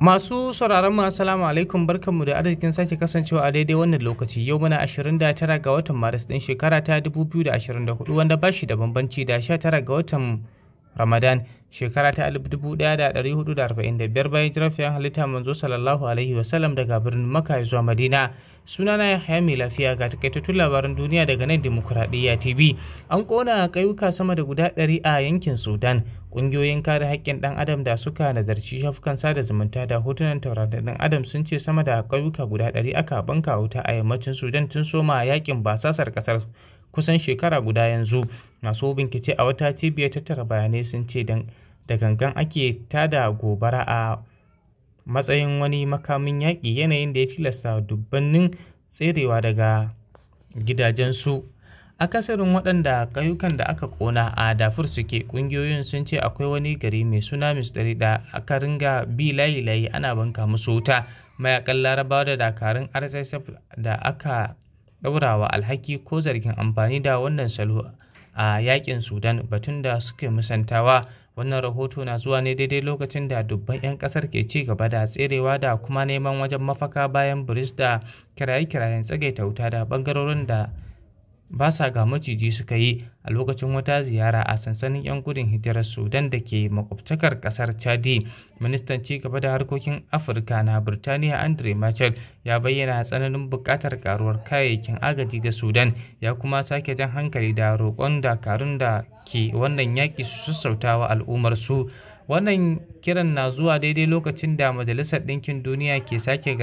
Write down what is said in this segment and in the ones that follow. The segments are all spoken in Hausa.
Masu sauraron mu assalamu alaikum barkanmu da arzikin sake kasancewa a daidai wannan lokaci yau muna 29 ga watan Maris din shekara ta 2024 wanda bashi da bambanci da 19 ga watan Ramadan shekara ta 1445 bayan jirafiyar halitta manzo sallallahu alaihi wasallam daga birnin Makka zuwa Madina. Sunana haya mai lafiya ga takaitattun labaran duniya daga nan Dimokuraɗiyya TV. An kona kayuka sama da guda 100 a yankin Sudan. Ƙungiyoyin kare haƙƙin ɗan adam da suka nazarci shafukan sada zumunta da hotunan tauraron ɗan adam sun ce sama da kayuka guda ɗari aka banka wuta a yammacin Sudan tun soma yakin basasar ƙasar kusan shekara guda yanzu masu bincike a wata cibiyar tattara bayanai sun ce da gangan ake tada gobara a matsayin wani makamin yaƙi yanayin da ya tilasta dubbannin tserewa daga gidajensu akasarin waɗanda ƙauyukan da aka ƙona a dafur suke ƙungiyoyin sun ce akwai wani gari mai suna mistari da aka ringa bi layi-layi ana banka musu wuta mayakan larabawa da dakarun rsf da aka ɗaurawa alhaki ko zargin amfani da wannan salo a yakin sudan batun da suke musantawa wannan rahoto na zuwa ne daidai lokacin da dubban 'yan kasar ke ci gaba da tserewa da kuma neman wajen mafaka bayan biris da kiraye-kirayen tsagaita wuta da bangarorin da basa ga maciji suka yi a lokacin wata ziyara a sansanin 'yan gudun hijirar sudan da ke makwabtakar kasar chadi ministan gaba da harkokin afirka na birtaniya andre machel ya bayyana tsananin buƙatar karuwar kayayyakin agaji ga sudan ya kuma sake jan hankali da roƙon dakarun da ke wannan yaƙi su sassautawa al'ummar su wannan kiran na zuwa daidai lokacin da majalisar ɗinkin duniya ke sake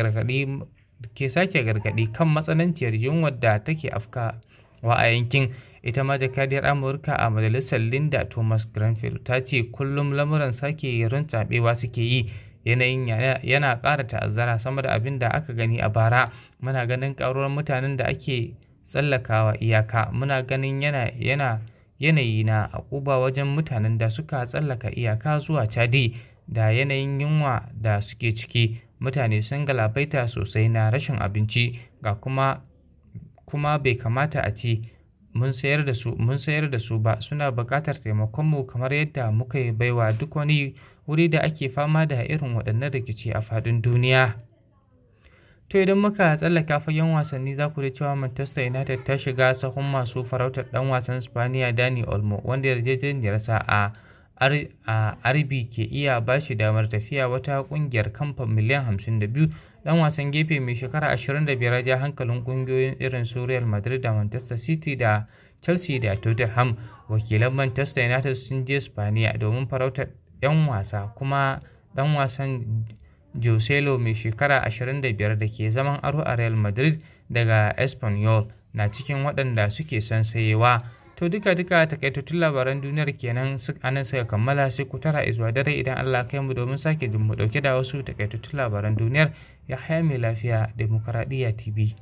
gargaɗi kan matsananciyar yunwa da take afka wa a yankin ita ma jakadiyar amurka a majalisar linda thomas granfield ta ce kullum lamuran sake yaron cabewa suke yi yanayin yana kara ta'azzara sama da abin da aka gani a bara muna ganin ƙaruwar mutanen da ake tsallakawa iyaka muna ganin yana yana yanayi na akuba wajen mutanen da suka tsallaka iyaka zuwa chadi da yanayin yunwa da suke ciki mutane sun galabaita sosai na rashin abinci ga kuma kuma bai kamata a ce mun sayar da su mun sayar da su ba suna buƙatar taimakonmu kamar yadda muka yi baiwa duk wani wuri da ake fama da irin waɗannan rikici a faɗin duniya to idan muka tsallaka fagen wasanni za ku da cewa manchester united ta shiga sahun masu farautar ɗan wasan spaniya dani olmo wanda yarjejeniyarsa a RB ke iya ba shi damar tafiya wata ƙungiyar kamfan miliyan 52, ɗan wasan gefe mai shekara 25 ja hankalin ƙungiyoyin irin su Real Madrid da Manchester City da Chelsea da Tottenham. Wakilan Manchester United sun je Spaniya domin farautar 'yan wasa kuma ɗan wasan Joselo mai shekara 25 da ke zaman aro a Real Madrid daga Espanyol na cikin waɗanda suke son sayewa. to duka duka takaitattun labaran duniyar kenan a nan suka kammala sai ku tara izuwa dare idan Allah kai mu domin sake jin mu dauke da wasu takaitattun labaran duniyar ya haya mai lafiya demokradiyya tv